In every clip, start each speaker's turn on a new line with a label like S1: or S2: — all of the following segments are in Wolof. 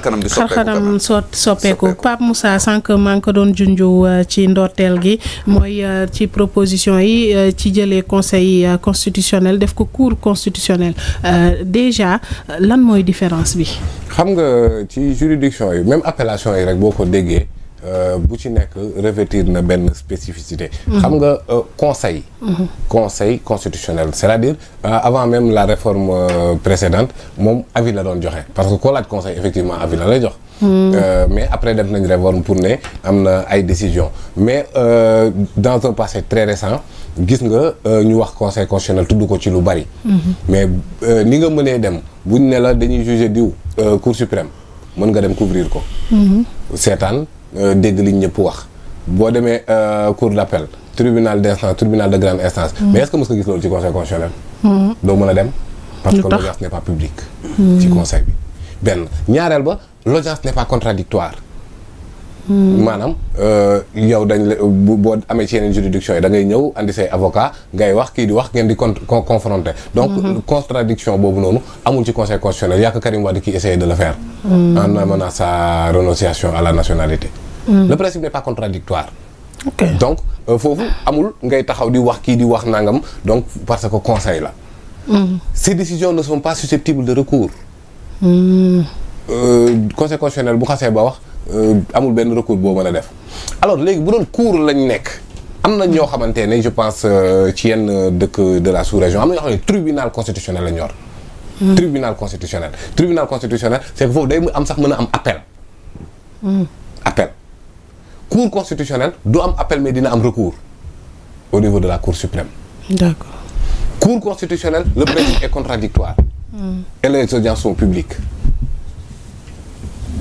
S1: kanam bi soppeeku xarxaram
S2: soppeeku Pape Moussa sànq maa ngi ko doon junju uh, ci ndorteel gi mooy uh, ci proposition yi uh, ci jëlee conseil constitutionnel def ko cour constitutionnel déjà lan mooy différence bi.
S3: xam nga ci juridiction yi même appellation yi rek boo ko déggee. Euh, bu ci nekk revêtir na benn spécificité. xam nga euh, conseil. conseil constitutionnel c'est-à-dire euh, avant même la réforme précédente moom avis la doon joxe parce que koo laaj conseil effectivement avis la lay jox. Hmm. mais après def nañ réforme pour ne am na ay décisions mais dans un passé très récent gis nga ñu wax conseil constitutionnel tudd ko ci lu bari. Hmm. mais ni nga mënee dem buñ ne la dañuy juger diw cour suprême mën nga dem couvrir ko. Hmm. seetaan. Euh, dégg liñ ñëpp wax boo demee euh, cour d'appel tribunal d'instance tribunal de grande instance. Mm. mais est-ce que mos nga gis loolu ci conseil constitutionnel. Mm. doo mën a dem. parce que l'audience n'est pas publique. Mm. ci conseil bi benn ñaareel ba l'audience n'est pas contradictoire
S4: maanaam
S3: euh, yow dañ la boo amee ci yeneen juridiction yi da ngay ñëw andi say avocat ngay wax kii di wax ngeen di con confronté donc mm-hmm. contradiction boobu noonu amul ci conseil constitutionnel yàq Karim Wade kii essayer de à la nationalité Mm. le principe n'est pas contradictoire donc euh, foofu amul ngay taxaw di wax kii di wax nangam donc parce que conseil la mmh. ces décisions ne sont pas susceptibles de recours mmh. euh, conseil constitutionnel bu xasee ba wax euh, amul benn recours boo mën a def alors léegi bu doon cour lañ nekk am na ñoo xamante ne je pense euh, ci yenn dëkk de la sous-région am na ñoo xam ne tribunal constitutionnel la ñor mm. tribunal constitutionnel tribunal constitutionnel c'est que foofu day am sax mën a am appel mm. appel cour constitutionnelle du am appel mais dina am recours au niveau de la cour suprême. d'accord. cour constitutionnelle le principe est contradictoire mm. les audiences publiques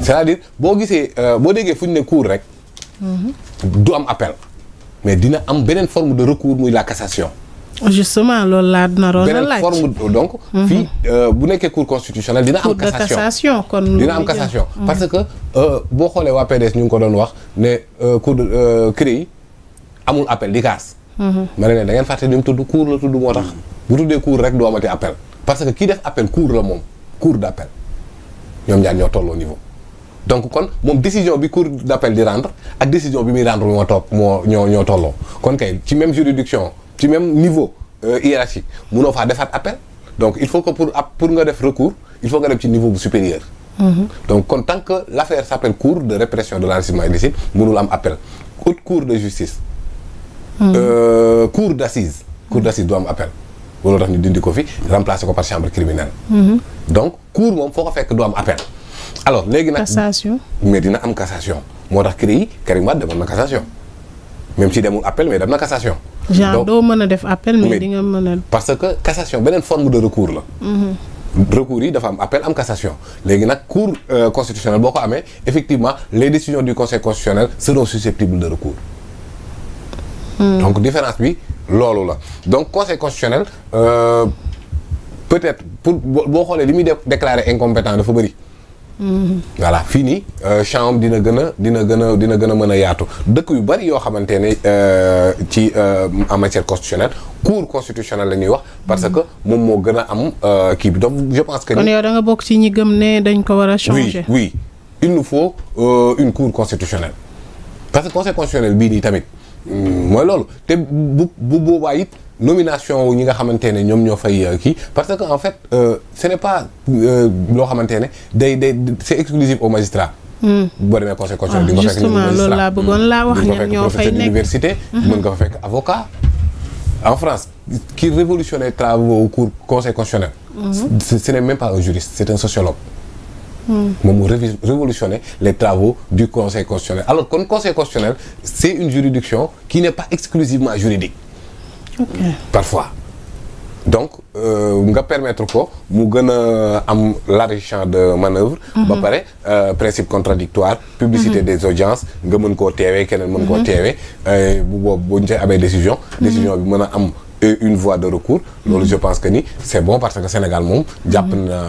S3: c'est-à-dire boo gisee euh, boo déggee fu ñu ne cour rek. Hmm. du am appel mais dina am beneen forme de recours muy la cassation.
S2: justement loolu laa naroon la laaj beneen
S3: forme donc. Mhm. fii euh, bu nekkee cour constitutionnelle dina am.
S2: kon mhm.
S4: parce que
S3: euh, boo xoolee waa ñu ngi ko doon wax ne euh, cour de CREI amul mhm. ma da ngeen fàtte ni mu tudd cour la tudd moo tax. doo amati parce que kii def appel cour moom cour d' appel ñoom ñaar ñoo tolloo kon moom décision bi cour d' appel di rendre ak décision bi muy rendre moo topp moo ñoo ñoo tolloo kon kay ci même juridiction. ci même niveau euh, hiérarchie munoo faa defaat appel donc il faut que pour pour nga def recours il faut nga dem ci niveau bu supérieur. Mhm. donc kon tant que l' affaire s' appelle cour de répression de l'enrichissement illicite mënul am appel haute cour de justice. Mhm. Euh, cour d' assise. d' assise du am appel. loolu tax ñu dindi ko fi remplacer ko par chambre criminelle. Mhm. donc cour moom foo ko fekk du am appel. alors léegi nag cassation. mais dina am cassation moo tax CREI Karim Wade demoon na cassation même si
S2: genre doo mën a def appel mais di nga mën a.
S3: parce que cassation beneen forme de recours la.
S4: Mhm.
S3: recours yi dafa am appel am cassation léegi nag cour euh, constitutionnelle boo ko amee effectivement les décisions du conseil constitutionnel seront susceptibles de recours. Mhm. donc différence bi loolu la donc conseil constitutionnel euh, peut-être pour boo xoolee li muy def déclarer incompétent dafa bëri. voilà fii nii euh, chambre dina gën a dina gën a dina gën a mën a yaatu dëkk yu bari yoo xamante ne euh, ci euh, en matière constitutionnelle cour constitutionnelle la ñuy wax parce que moom moo gën a am kii bi donc je pense que. kon yow
S2: da bokk ci ñi gëm ne dañ ko war a changer.
S3: oui oui il faut une cour constitutionnelle parce que conseil constitutionnel bii nii tamit hmm, mooy loolu te bu bu boobaa it. nomination ñi nga xamante ne ñoom ñoo fay euh, kii parce que en fait euh, ce n'est pas euh, loo xamante ne day day c'est exclusif aux magistrats hmm. boo demee conseil constitutionnel ah, di nga fekk justement loolu laa bëggoon
S2: laa hmm.
S3: nga hmm. fekk avocat en France qui révolutionne les travaux au cours conseil constitutionnel ce n'est même pas un juriste c'est un sociologue moom mu révolutionner les travaux du conseil constitutionnel alors kon conseil constitutionnel c'est une juridiction qui n'est pas exclusivement juridique okay. parfois donc euh, nga permettre ko mu gën a am large champ de manœuvre mhm. ba pare euh, principe contradictoire publicité mhm. des audiences nga mën koo teewee keneen mën koo mhm. teewee euh, bu boobu bu ñu ci amee décision décision bi mën a am e, une voie de recours loolu je pense que ni c'est bon parce que Sénégal moom jàpp na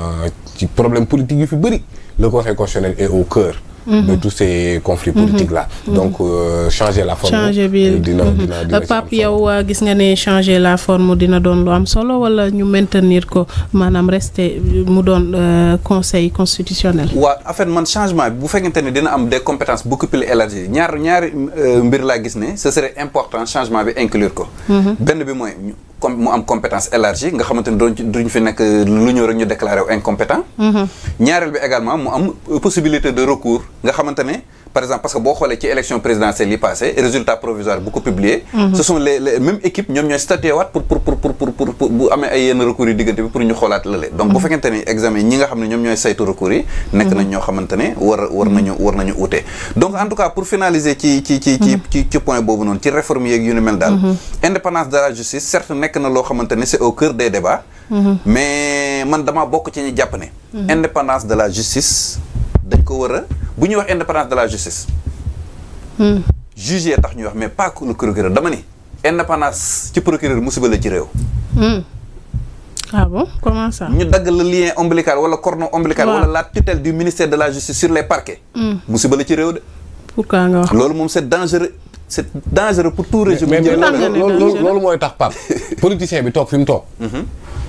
S3: ci problème politique yu fi bëri le conseil constitutionnel est au cœur Mm-hmm. de tous ces conflits mm-hmm. politiques là. Mm-hmm. donc euh, changer la forme. bi
S2: dina dina euh, waa euh, gis nga ne changer la forme dina doon lu am solo wala ñu maintenir ko maanaam reste mu doon conseil constitutionnel.
S1: waaw en fait man changement bu fekkente ni dina am des compétences beaucoup plus élargies ñaar ñaari mbir laa gis ne ce serait important changement bi inclure ko. benn bi mooy. comme mu am compétence élargie nga xamante ne duñ fi nekk lu ñëw rek ñu déclaré wu incompétent mhm. ñaareel bi également mu am possibilité de recours nga xamante par exemple parce que boo xoolee ci élection présidentielle yi passé résultat provisoire bu ko publié. Mhm. ce sont les les mêmes ñoom ñooy statué waat pour pour pour bu amee ay yenn recours yi diggante bi pour ñu xoolaat lële. donc bu mhm. fekkente ni examen ñi nga xam ne ñoom ñooy saytu recours yi. nekk nañ mhm. ñoo xamante war nañu war donc en pour finaliser ci point boobu noonu ci réforme yeeg yu ni mel daal. indépendance de la justice certes nekk na bu ñu wax indépendance de la justice. Hmm. juge yee tax ñuy wax mais pas le procureur dama ni indépendance ci procureur musiba la ci réew.
S4: Hmm.
S2: ah bon comment ça. ñu dagg
S1: le lien ombilical wala cordon ombilical. wala la tutelle du ministère de la justice sur les parquets. Hmm. musiba la ci réew de. pourquoi nga wax loolu moom c'est dangereux. c'est dangereux pour tout régime. mais loolu
S3: mooy tax Pape politicien bi toog fi mu toog. Mhm.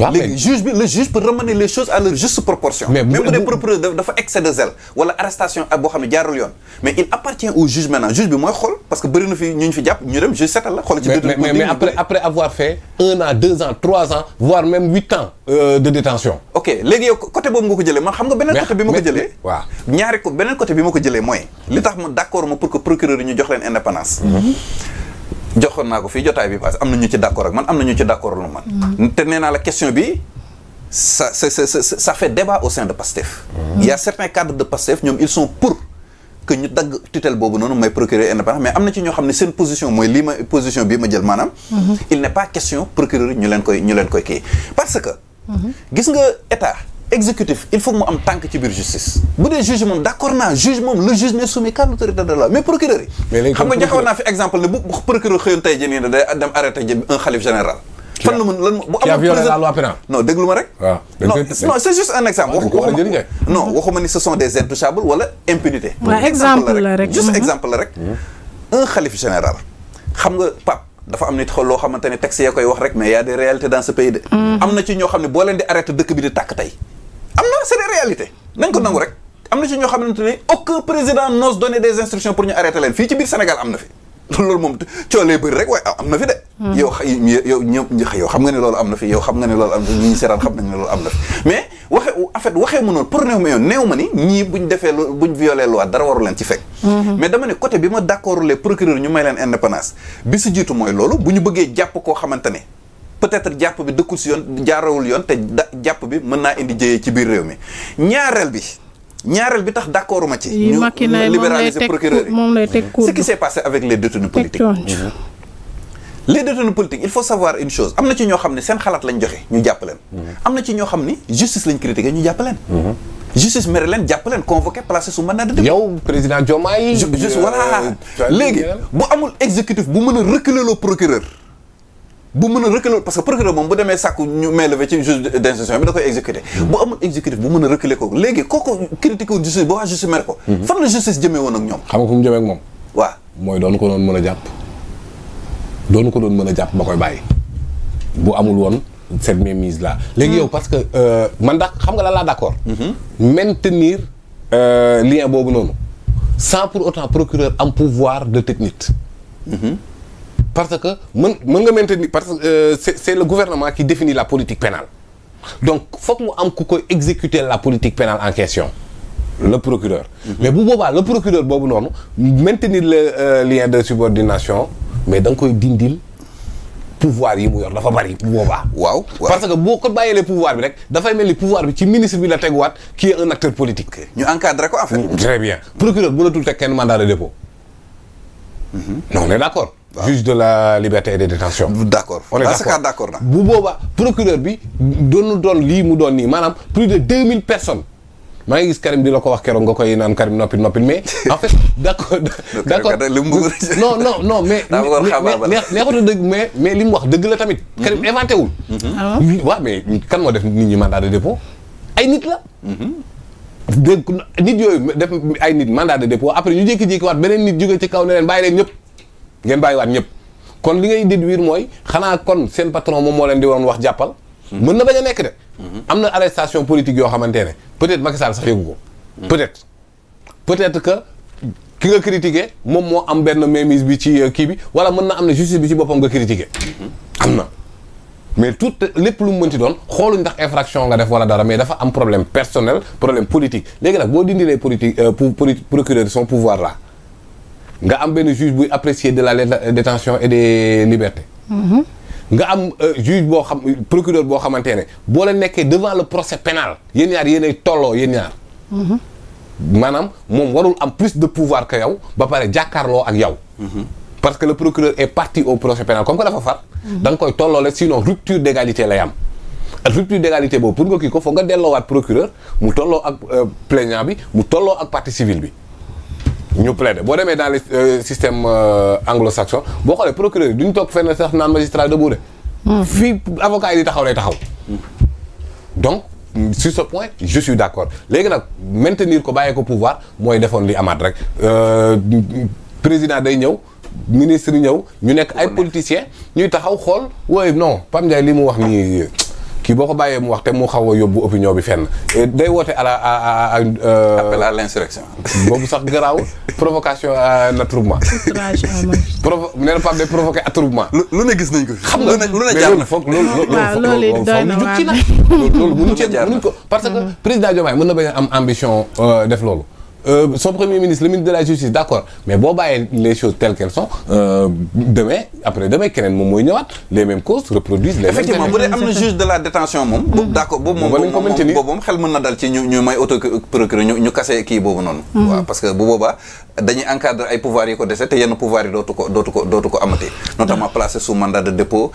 S1: waaw léegi juge bi le juge peut ramener les choses à leur juste proportion. mais bu même bu dee procureur dafa excès de zèle wala arrestation boo xam ne jaarul yoon. mais il appartient au juge maintenant juge bi mooy xool parce que bëri na fi ñu ñu fi jàpp ñu dem juge seetal la. xool ci biir
S3: mais deux ans euh, ok léegi yow côté boobu nga ko jëlee man xam nga beneen côté bi ma ko jëlee
S1: mooy li tax ma d'accord ma pour que procureur ñu jox leen indépendance mm-hmm. joxoon naa ko fii jotaay bi parce que am na ñu ci d'accord ak man am na ñu ci d'accord lu man mm. te nee la question bi ça ça ça fait débat au sein de PASTEF mm. il certains cadres de PASTEF ñoom ils sont pour que ñu dagg tutelle boobu noonu mooy procureur indépendant mais am na ci ñoo xam ne seen position mooy lii ma position bii ma jël maanaam mm-hmm. il n'est pas question procureur ñu leen koy ñu parce que
S4: mm-hmm.
S1: gis nga état exécutif il faut que mu am tànk ci biir justice bu dee juge moom d' naa juge moom le juge n'est soumis qu'à l'autorité nga joxoon naa fi exemple ne bu procureur xëyoon tey jii ne day dem arrêté un xalif général fan la mun lan ma rek ah, non non c' est ah, des intouchables wala impunité exemple la rek mm-hmm. mm-hmm. un xalif général xam nga Pape dafa am nit loo xamante ne texte ya koy wax rek mais y a des dans ce pays de mm-hmm. am na ci ñoo xam ne boo leen di arrêté dëkk bi di tàkk tey Ah, c'est des réalités nañ ko nangu rek am na ci ñoo xamante ne aucun président n'ose donner des instructions pour ñu arrêter leen fii ci biir Sénégal am na fi loolu moom coolee bëri rek waaye ah, am na fi de. Hmm. yow xam nga ne loolu am na fi yow xam nga ne loolu am na fi ñi ñu xam nañ ne loolu am na fi mais waxe en fait waxee mu noonu pour néew ma yoon néew ma ni ñii buñ defee lu buñ violé loi dara waru ci fekk. Hmm. mais dama ne côté bi ma d'accord les ñu may leen indépendance bi si jiitu mooy loolu bu ñu bëggee jàpp koo xamante ne. peut-être jàpp bi dëkkul si yoon jaarawul yoon te jàpp bi mën naa indi jëyee ci biir réew mi ñaareel bi ñaareel bi tax d'accord ma ci ñu libéraliser procureur
S2: yi ce qui
S1: s'est passé avec les détenus politiques mhm. les il faut savoir une chose am na ci ñoo xam ne seen xalaat lañ joxe ñu jàpp leen mhm. am na ci ñoo xam ni justice lañ critiqué ñu jàpp leen mhm. justice mère leen jàpp leen convoqué placé sous mandat de dépôt. yow président Diomaye. juste voilà euh, bu amul exécutif bu mën a reculer le procureur. bu mën a reculer parce que procureur moom bu demee sàkku ñu mainlevé ci juge d'instruction bi da koy exécuter bu amul exécutif bu mën a reculer ko léegi kooku critiqué wu justice waa justice mhm.
S3: mooy doon ko doon mën a jàpp doon ko doon mën a jàpp ba koy bàyyi bu amul woon cette mise là léegi mhm. yow parce que euh, man da xam nga la laa d'accord mhm. maintenir euh, lien boobu noonu sans pour autant procureur am pouvoir de tëj parce que man mën nga maintenir parce que euh, c'est c'est gouvernement ki définit la politique pénale donc foog mu am ku koy exécuter la politique pénale en question le procureur mm mais bu boobaa la procureur boobu noonu maintenir le euh, lien de subordination mais da nga koy dindil pouvoir yi mu yor dafa bari bu boobaa waaw parce que boo ko bàyyeelee pouvoir bi rek dafay mel ni pouvoir bi ci ministre bi la teguwaat qui est un acteur politique ñu encadré ko en fait. très bien procureur mënatul teg kenn mandat de dépôt mm -hmm. non on Ah. juge de la liberté et des détentions d' accord on est d' accord d' accord bu boobaa procureur bi doonu doon lii mu doon nii maanaam plus de 2000 personnes maa ngi gis Karim di la ko wax keroog nga koy naan Karim noppil noppil mais en fait d' accord d' accord mais mais mais wax dëgg la tamit mhm. Karim inventé wul mhm. ah waaw mais kan moo def nit ñi mandat de dépôt ay nit la mhm. nit yooyu def ay nit mandat de dépôt après ñu jékki-jékki waat beneen nit jóge ci kaw ne ba bàyyi leen ñëpp ngeen waat ñëpp kon li ngay déduire mooy xanaa kon seen patron moom moo leen di woon wax jàppal. Hmm. mën na bañ a nekk de. Hmm. am na arrestation politique yoo xamante ne peut-être Macky Sall sax yëgu ko. Hmm. peut-être peut-être que ki nga critiqué moom moo am benn mainmise bi ci euh, kii bi wala mën na am na justice bi ci boppam nga critiqué. am na mais tout lépp lu mu mënti doon xoolu ndax infraction nga def wala dara mais dafa am problème personnel problème politique léegi nag boo dindilee politique euh, pour procureur son pouvoir là. nga am benn juge buy apprécier de la détention et des libertés mhm. nga am euh, juge boo xam procureur boo xamante ne boo la nekkee devant le procès pénal yéen ñaar yéenay tolloo yéen ñaar mhm. maanaam moom warul am plus de pouvoir que yow ba pare jàkkaarloo ak yow mhm. parce que le procureur est parti au procès pénal comme que dafa far da nga koy la sinon rupture d'égalité lay am rupture d'égalité boobu pour nga kii ko foog nga delloowaat procureur mu tolloo ak euh, bi mu tolloo ak partie civile bi ñu plaider boo demee dans le euh, système euh, anglo-saxon boo xoolee procureur yi duñu toog fenn sax naan magistrat debout de. Hmm. fii avocat yi taxaw lay taxaw. donc sur ce point je suis d'accord léegi nag maintenir ko bàyyee ko pouvoir mooy defoon li amaat rek euh, président day ñëw. ministre ñëw ñu nekk ay politiciens ñuy taxaw xool wooy non Pam Ndiaye li mu wax nii kii boo ko bàyyee mu wax te mu xaw a yóbbu opinion bi fenn eh, day woote a la à à. Euh, appel à l'insurrection. boobu sax garaaw provocation à l'attroupement. provo nee na Pape day provoqué attroupement. lu ne gis nañ ko. xam nga lu ne jaar na foog loolu loolu loolu mënuñ ci mënuñ ko parce que mm-hmm. président Diomaye mën na bañ am ambition euh, def loolu. euh, premier ministre le ministre de la justice d'accord mais boo bàyyee les choses telles qu'elles euh, demain après demain keneen moom mooy ñëwaat les mêmes causes reproduisent effectivement bu dee am na juge de la détention moom boobu d'accord boobu moom
S1: boobu moom xel mën na dal ci ñu may auto procureur ñu kase kii boobu noonu mm-hmm. waaw parce que bu boobaa dañuy encadrer ay pouvoir yi ko dese te yenn pouvoir yi dootu ko dootu ko dootu ko amati mm-hmm. sous mandat de dépôt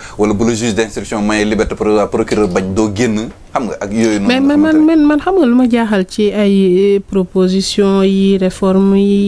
S4: yi réforme yi